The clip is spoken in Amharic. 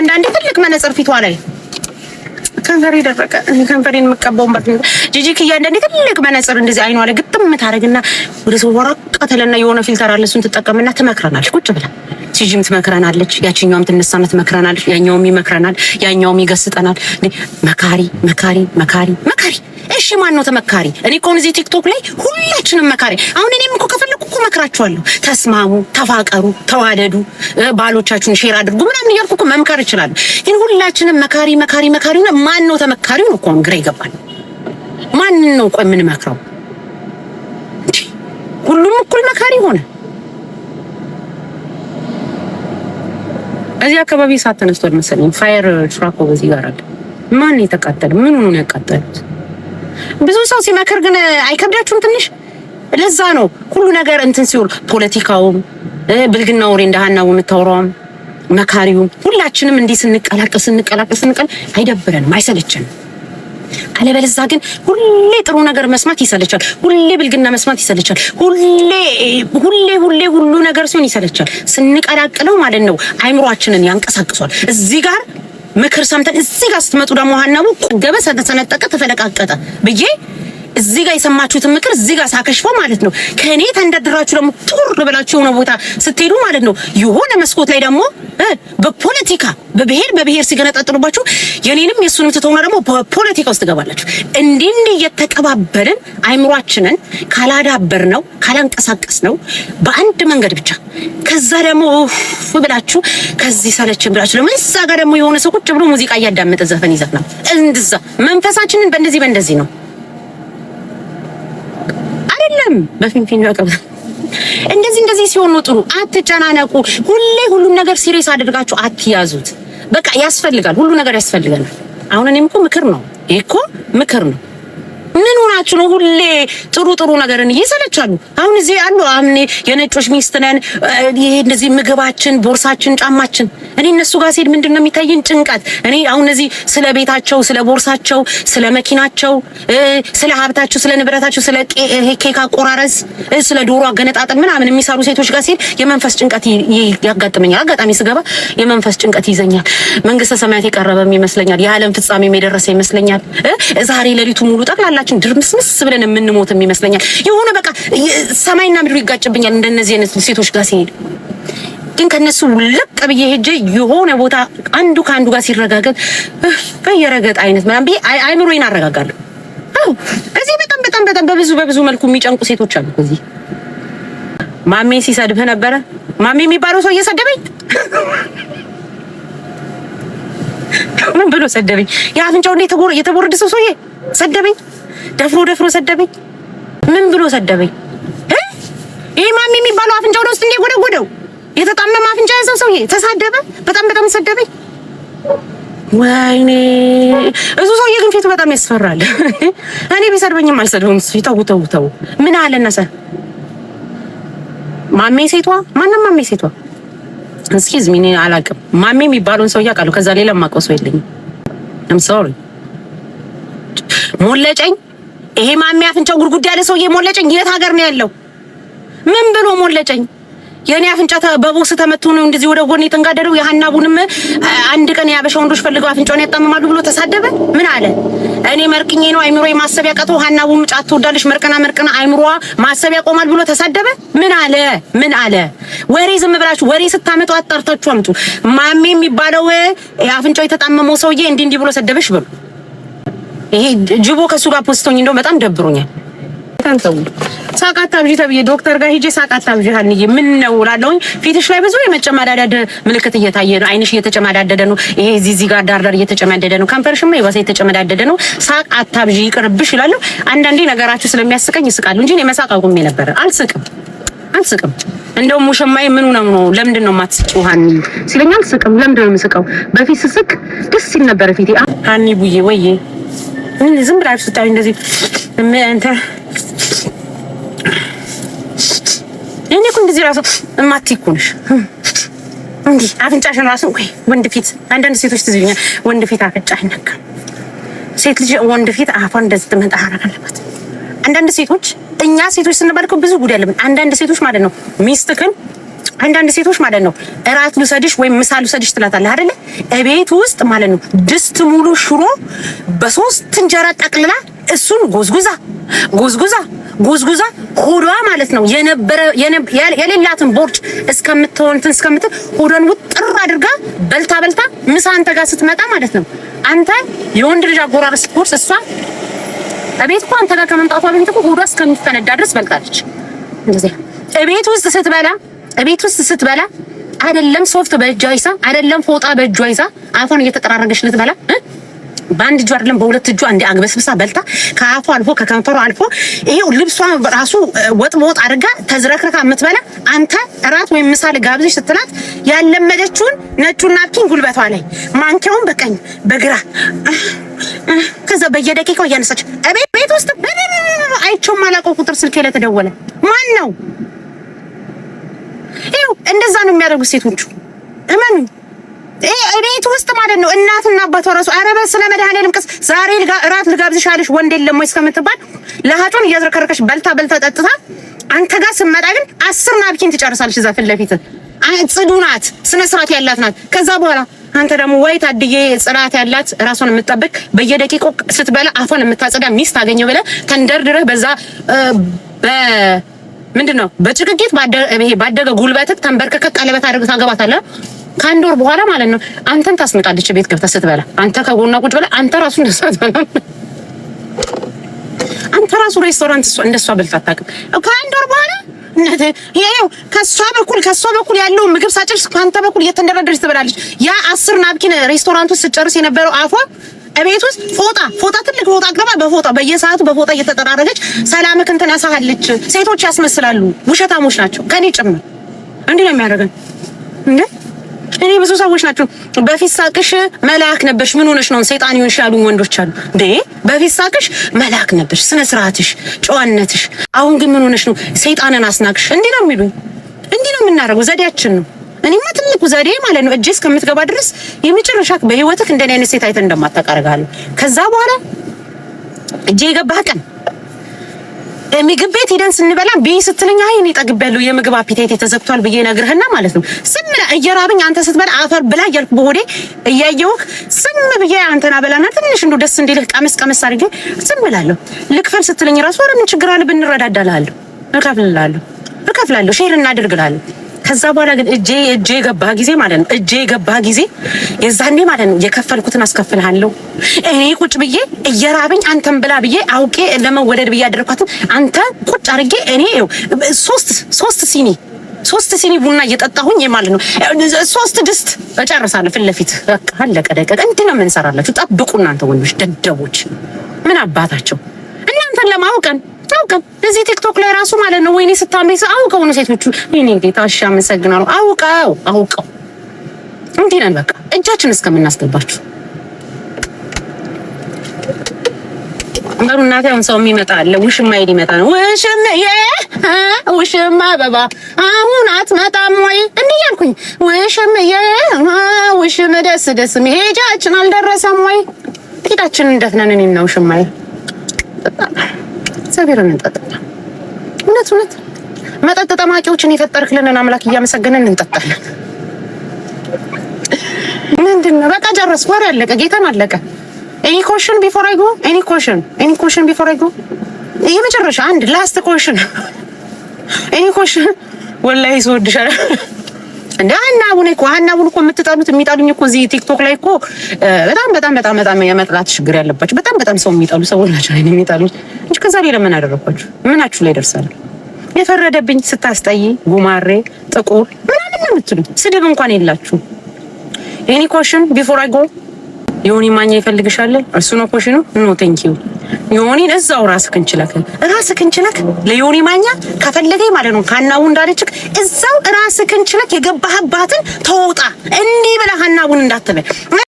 አንዳንዴ ትልቅ መነጽር ፊቷ ላይ ከንፈር ይደረቀ እኔ ከንፈሬን የምቀባው በር ጂጂ ክያ አንዳንዴ ትልቅ መነጽር እንደዚህ አይኗ ላይ ግጥም የምታደርግና ወደ ሰው ተለና የሆነ ፊልተር አለ እሱን ትጠቀምና ትመክረናለች ቁጭ ብላ ጂጂም ትመክረናለች። ያችኛውም ትነሳና ትመክረናለች። ያኛውም ይመክረናል። ያኛውም ይገስጠናል። መካሪ መካሪ መካሪ መካሪ እሺ ማን ነው ተመካሪ? እኔ እኮ አሁን እዚህ ቲክቶክ ላይ ሁላችንም መካሪ። አሁን እኔም እኮ ከፈለኩ እኮ መክራችኋለሁ። ተስማሙ፣ ተፋቀሩ፣ ተዋደዱ፣ ባሎቻችሁን ሼር አድርጉ ምናምን እያልኩ እኮ መምከር እችላለሁ። ግን ሁላችንም መካሪ መካሪ መካሪ ነው። ማን ነው ተመካሪው ነው እኮ አሁን ግራ ይገባል። ማን ነው ቆይ የምንመክረው? ሁሉም እኩል መካሪ ሆነ። እዚህ አካባቢ እሳት ተነስቷል መሰለኝ። ፋየር ትራክ በዚህ ጋር አለ። ማን የተቃጠለ? ምን ሆኖ ነው ያቃጠሉት? ብዙ ሰው ሲመክር ግን አይከብዳችሁም? ትንሽ ለዛ ነው ሁሉ ነገር እንትን ሲውል ፖለቲካውም፣ ብልግና ወሬ እንደሃናው የምታወራውም መካሪውም ሁላችንም እንዲህ ስንቀላቀል ስንቀላቀል ስንቀል አይደብረንም፣ አይሰለችንም። አለበለዛ ግን ሁሌ ጥሩ ነገር መስማት ይሰለቻል። ሁሌ ብልግና መስማት ይሰለቻል። ሁሌ ሁሌ ሁሌ ሁሉ ነገር ሲሆን ይሰለቻል። ስንቀላቅለው ማለት ነው አይምሯችንን ያንቀሳቅሷል። እዚህ ጋር ምክር ሰምተን እዚህ ጋር ስትመጡ ደግሞ ሀናቡ ገበ ሰነጠቀ ተፈለቃቀጠ ብዬ እዚህ ጋር የሰማችሁትን ምክር እዚህ ጋር ሳከሽፎ ማለት ነው ከእኔ ተንደድራችሁ ደግሞ ቱር ብላችሁ የሆነ ቦታ ስትሄዱ ማለት ነው የሆነ መስኮት ላይ ደግሞ በፖለቲካ በብሔር በብሔር ሲገነጣጥሉባችሁ የኔንም የሱንም ትተውና ደግሞ በፖለቲካ ውስጥ ትገባላችሁ። እንዲህ እንዲህ እየተቀባበልን አይምሯችንን ካላዳበር ነው ካላንቀሳቀስ ነው በአንድ መንገድ ብቻ ከዛ ደግሞ ብላችሁ ከዚህ ሰለችን ብላችሁ ደግሞ እዛ ጋር ደግሞ የሆነ ሰው ቁጭ ብሎ ሙዚቃ እያዳመጠ ዘፈን ይዘፍናል። እንድዛ መንፈሳችንን በእንደዚህ በእንደዚህ ነው የለም በፊንፊን ያቀርብ እንደዚህ እንደዚህ ሲሆኑ ጥሩ። አትጨናነቁ። ሁሌ ሁሉም ነገር ሲሪየስ አድርጋችሁ አትያዙት። በቃ ያስፈልጋል፣ ሁሉ ነገር ያስፈልገናል። አሁን እኔም እኮ ምክር ነው፣ ይሄ እኮ ምክር ነው። ለምንድናችሁ ነው ሁሌ ጥሩ ጥሩ ነገርን እየሰለቻሉ? አሁን እዚህ አሉ አምኔ የነጮች ሚስት ነን፣ ይሄ እንደዚህ ምግባችን፣ ቦርሳችን፣ ጫማችን። እኔ እነሱ ጋር ሲሄድ ምንድን ነው የሚታየኝ? ጭንቀት። እኔ አሁን እዚህ ስለ ቤታቸው፣ ስለ ቦርሳቸው፣ ስለ መኪናቸው፣ ስለ ሀብታቸው፣ ስለ ንብረታቸው፣ ስለ ኬክ አቆራረስ፣ ስለ ዶሮ አገነጣጠል ምናምን የሚሰሩ ሴቶች ጋር ሲሄድ የመንፈስ ጭንቀት ያጋጥመኛል። አጋጣሚ ስገባ የመንፈስ ጭንቀት ይዘኛል። መንግስተ ሰማያት የቀረበም ይመስለኛል። የዓለም ፍጻሜ የደረሰ ይመስለኛል። ዛሬ ሌሊቱ ሙሉ ጠቅላላችን ድርምስ ኩስምስ ብለን የምንሞትም ይመስለኛል። የሆነ በቃ ሰማይና ምድሩ ይጋጭብኛል እንደነዚህ አይነት ሴቶች ጋር ሲሄድ። ግን ከነሱ ለቅ ብዬ ሄጄ የሆነ ቦታ አንዱ ከአንዱ ጋር ሲረጋገጥ በየረገጥ አይነት ምናምን ብዬ አይምሮዬን አረጋጋለሁ። እዚህ በጣም በጣም በጣም በብዙ በብዙ መልኩ የሚጨንቁ ሴቶች አሉ። እዚህ ማሜ ሲሰድብህ ነበረ። ማሜ የሚባለው ሰው እየሰደበኝ ምን ብሎ ሰደበኝ? የአፍንጫው እንደ ሰው ሰውዬ ሰደበኝ። ደፍሮ ደፍሮ ሰደበኝ። ምን ብሎ ሰደበኝ? ይሄ ማሚ የሚባለው አፍንጫ ወደ ውስጥ እንደጎደጎደው የተጣመመ አፍንጫ ያዘው ሰውዬ ተሳደበ። በጣም በጣም ሰደበኝ። ወይኔ እሱ ሰውዬ ግን ፊቱ በጣም ያስፈራል። እኔ ቢሰድበኝም አልሰድበውም። ተው ተው ተው። ምን አለ እነሰ ማሜ ሴቷ ማንም ማሜ ሴቷ እስኪዝ ምን አላውቅም። ማሜ የሚባለውን ሰው ያውቃሉ። ከዛ ሌላ የማውቀው ሰው የለኝም። አም ሶሪ ሞለጨኝ ይሄ ማሚ አፍንጫው ጉርጉድ ያለ ሰውዬ ሞለጨኝ። የት ሀገር ነው ያለው? ምን ብሎ ሞለጨኝ? የኔ አፍንጫ በቦክስ ተመቶ ነው እንደዚህ ወደ ጎን የተንጋደደው። የሀናቡንም አንድ ቀን ያበሻ ወንዶች ፈልገው አፍንጫውን ያጣምማሉ ብሎ ተሳደበ። ምን አለ? እኔ መርቅኜ ነው አይምሮ ማሰብ ያቃተው። ሀናቡም ጫት ትወዳለች፣ መርቀና መርቀና አይምሮዋ ማሰብ ያቆማል ብሎ ተሳደበ። ምን አለ? ምን አለ? ወሬ ዝም ብላችሁ ወሬ ስታመጡ አጣርታችሁ አምጡ። ማሜ የሚባለው አፍንጫው የተጣመመው ሰውዬ እንዲህ እንዲህ ብሎ ሰደበሽ ብሎ ይሄ ጅቦ ከሱ ጋር ፖስቶኝ እንደው በጣም ደብሮኛል። ታንተው ሳቃታ ብጂ ተብዬ ዶክተር ጋር ሄጄ ሳቃታ ብጂ ሀኒዬ ምን ነው እላለሁኝ። ፊትሽ ላይ ብዙ የመጨማዳደድ ምልክት እየታየ ነው። አይንሽ እየተጨማዳደደ ነው። ይሄ እዚህ እዚህ ጋር ዳርዳር እየተጨማደደ ነው። ከንፈርሽማ የባሰ የተጨማዳደደ ነው። ሳቃታ ብጂ ይቅርብሽ እላለሁ። አንዳንዴ ነገራችሁ ስለሚያስቀኝ ይስቃሉ እንጂ እኔ መሳቅ አቁሜ ነበረ። አልስቅም አልስቅም እንደውም ውሸማዬ ምኑ ነው ነው ለምንድን ነው የማትስቂው? ሀኒ ሲለኝ አልስቅም። ለምንድን ነው የምስቀው? በፊት ስስቅ ደስ ሲል ነበረ ፊቴ። ሀኒ ቡዬ ወይዬ ዝም ብላ ስታዩ እንደዚህ አንተ እኔ እኮ እንደዚህ ራሱ እማትይ እኮ ነሽ። እንዲህ አፍንጫሽን ራሱ ወይ ወንድ ፊት አንዳንድ ሴቶች ትዝ ይለኛል። ወንድ ፊት አፍንጫ አይነካም። ሴት ልጅ ወንድ ፊት አፏን እንደዚህ መጣሃር አለባት። አንዳንድ ሴቶች እኛ ሴቶች ስንባል እኮ ብዙ ጉዳይ አለብን። አንዳንድ ሴቶች ማለት ነው ሚስትክን አንዳንድ ሴቶች ማለት ነው እራት ልውሰድሽ ወይም ምሳ ልውሰድሽ ትላታለህ አይደለ? እቤት ውስጥ ማለት ነው ድስት ሙሉ ሽሮ በሶስት እንጀራ ጠቅልላ እሱን ጎዝጉዛ ጎዝጉዛ ጎዝጉዛ ሆዷ ማለት ነው የነበረ የሌላትን ቦርጭ እስከምትሆንትን እስከምት ሆዷን ውጥር አድርጋ በልታ በልታ ምሳ አንተ ጋር ስትመጣ ማለት ነው አንተ የወንድ ልጅ አጎራረስ ኮርስ እሷ እቤት እኮ አንተ ጋር ከመምጣቷ በፊት እኮ ሆዷ እስከሚፈነዳ ድረስ በልታለች። እንደዚህ እቤት ውስጥ ስትበላ እቤት ውስጥ ስትበላ አይደለም ሶፍት በእጇ ይዛ አይደለም ፎጣ በእጇ ይዛ አፏን እየተጠራረገች ልትበላ በአንድ እጇ አይደለም በሁለት እጇ እንደ አግበስብሳ በልታ ከአፏ አልፎ ከከንፈሯ አልፎ ይሄው ልብሷ ራሱ ወጥ በወጥ አድርጋ ተዝረክረካ የምትበላ አንተ እራት ወይም ምሳሌ ጋብዘሽ ስትላት ያለመደችውን ነጩን ናፕኪን ጉልበቷ ላይ ማንኪያውን በቀኝ በግራ ከዛ በየደቂቃው እያነሳች ቤት ቤት ውስጥ አይቼው ማላውቀው ቁጥር ስልክ ተደወለ። ማን ነው? ይኸው እንደዛ ነው የሚያደርጉት ሴቶቹ። እመኑ ቤት ውስጥ ማለት ነው እናትና አባቷ ራሱ አረበ ስለ መድኃኒዓለም ቅስ ዛሬ ልጋ እራት ልጋብዝሻለሽ ወንድ የለም ወይ እስከምትባል ለሀጩን እያዝረከረከሽ በልታ በልታ ጠጥታ፣ አንተ ጋር ስመጣ ግን አስር ናብኪን ትጨርሳለች። እዛ ፊት ለፊት ጽዱ ናት፣ ስነ ስርዓት ያላት ናት። ከዛ በኋላ አንተ ደግሞ ወይ ታድዬ ጽናት ያላት ራሷን የምትጠብቅ በየደቂቁ ስትበላ አፏን የምታጸዳ ሚስት አገኘው ብለህ ተንደርድረህ በዛ ምንድን ነው በጭቅጌት ባደገ ጉልበትህ ተንበርከከ ቀለበት አድርገህ ታገባታለህ። ከአንድ ወር በኋላ ማለት ነው አንተን ታስመጣለች። ቤት ገብተህ ስትበላ አንተ ከጎኗ ቁጭ ብለህ አንተ ራሱ እንደሷ ትበላ አንተ ራሱ ሬስቶራንት እንደሷ በልተህ አታውቅም። ከአንድ ወር በኋላ እናትህ ይኸው ከሷ በኩል ከሷ በኩል ያለውን ምግብ ሳጨርስ ከአንተ በኩል እየተንደረደረች ትበላለች። ያ አስር ናብኪን ሬስቶራንቱ ስጨርስ የነበረው አፏ እቤት ውስጥ ፎጣ ፎጣ ትልቅ ፎጣ አቅርባ በፎጣ በየሰዓቱ በፎጣ እየተጠራረገች ሰላምክ እንትን አሳሃለች። ሴቶች ያስመስላሉ፣ ውሸታሞች ናቸው። ከኔ ጭምር እንዲህ ነው የሚያደርገን እንዴ! እኔ ብዙ ሰዎች ናቸው። በፊት ሳቅሽ መልአክ ነበርሽ፣ ምን ሆነሽ ነው ሰይጣን ይሆንሽ ያሉ ወንዶች አሉ። እንዴ በፊት ሳቅሽ መልአክ ነበርሽ፣ ስነ ስርዓትሽ፣ ጨዋነትሽ። አሁን ግን ምን ሆነሽ ነው ሰይጣንን አስናቅሽ? እንዲህ ነው የሚሉኝ። እንዲህ ነው የምናደርገው፣ ዘዴያችን ነው። እኔማ ትልቁ ዘዴ ማለት ነው እጄ እስከምትገባ ድረስ የመጨረሻ በህይወትህ እንደኔ አይነት ሴት አይተህ እንደማታቀርጋለሁ። ከዛ በኋላ እጄ የገባህ ቀን ምግብ ቤት ሄደን ስንበላ ብይ ስትለኝ አይ እኔ ጠግቤያለሁ የምግብ አፒቴት ተዘግቷል ብዬ ነግርህና ማለት ነው ስም ብላ እየራበኝ አንተ ስትበላ አፈር ብላ እያልኩ በሆዴ እያየሁህ ስም ብዬ አንተና በላና ትንሽ እንደው ደስ እንዲልህ ቀመስ ቀመስ አድርጌ ስም ብላለሁ። ልክፈል ስትለኝ ራሱ ኧረ ምን ችግር አለ ብንረዳዳ እልሃለሁ። እከፍልልሃለሁ እከፍላለሁ ሼር እናድርግ ከዛ በኋላ ግን እጄ እጄ የገባ ጊዜ ማለት ነው እጄ የገባ ጊዜ የዛኔ ማለት ነው የከፈልኩትን አስከፍልሃለሁ እኔ ቁጭ ብዬ እየራበኝ አንተን ብላ ብዬ አውቄ ለመወደድ ብዬ ያደረኳትን አንተ ቁጭ አድርጌ እኔ ሶስት ሶስት ሲኒ ሶስት ሲኒ ቡና እየጠጣሁኝ ማለት ነው። ሶስት ድስት እጨርሳለሁ ፊት ለፊት በቃ አለቀ ደቀቀ። እንዲህ ነው የምንሰራላችሁ። ጠብቁ እናንተ ወንዶች ደደቦች፣ ምን አባታቸው እናንተን ለማውቀን አታውቅም። እዚህ ቲክቶክ ላይ ራሱ ማለት ነው። ወይኔ ስታመኝ አውቀው ነው ሴቶቹ። ይሄኔ ጌታ እሺ፣ አመሰግናለሁ። አውቀው አውቀው እንዲህ ነን በቃ እጃችን እስከምናስገባችሁ ነገሩ እናቴ አሁን ሰው የሚመጣ አለ። ውሽማ ይሄድ ይመጣ ነው። ውሽማ ውሽማ አበባ አሁን አትመጣም ወይ እንዴ ያልኩኝ። ውሽማ ውሽም ደስ ደስ መሄጃችን አልደረሰም ወይ? ጌታችን እንደት ነን? እኔና ውሽማዬ እግዚአብሔርን እንጠጣ። እውነት እውነት መጠጥ ጠማቂዎችን የፈጠርክልንን አምላክ እያመሰገንን እንጠጣለን። ምንድን ነው በቃ ጨረስ ወሬ አለቀ፣ ጌታን አለቀ። ኤኒ ኮሽን ቢፎር አይ ጎ ኤኒ ኮሽን ኤኒ ኮሽን ቢፎር አይ ጎ የመጨረሻ አንድ ላስት ኮሽን ኤኒ ኮሽን ወላሂ ስወድሻለሁ እንደ ሀናቡን እኮ ሀናቡን እኮ የምትጠሉት የሚጠሉኝ እኮ እዚህ ቲክቶክ ላይ እኮ በጣም በጣም በጣም በጣም የመጥላት ችግር ያለባቸው በጣም በጣም ሰው የሚጠሉ ሰው ናቸው ላይ የሚጠሉት እንጂ ከዛ ሌላ ምን አደረኳችሁ? ምናችሁ ላይ ደርሳለሁ? የፈረደብኝ ስታስጠይ ጉማሬ ጥቁር ምናምን ነው የምትሉኝ። ስድብ እንኳን የላችሁ። ኤኒ ኮሽን ቢፎር አይ ጎ ዮኒ ማኛ ይፈልግሻል። እሱ ነው ኮሽ ነው ኖ ቴንክ ዩ ዮኒን እዛው ራስህ እንችለክ ራስህ እንችለክ ለዮኒ ማኛ ከፈለገኝ ማለት ነው ካናው እንዳለችክ እዛው ራስህ እንችለክ የገባህባትን ተወጣ እንዲህ ብለህ ሀናቡን እንዳትበል።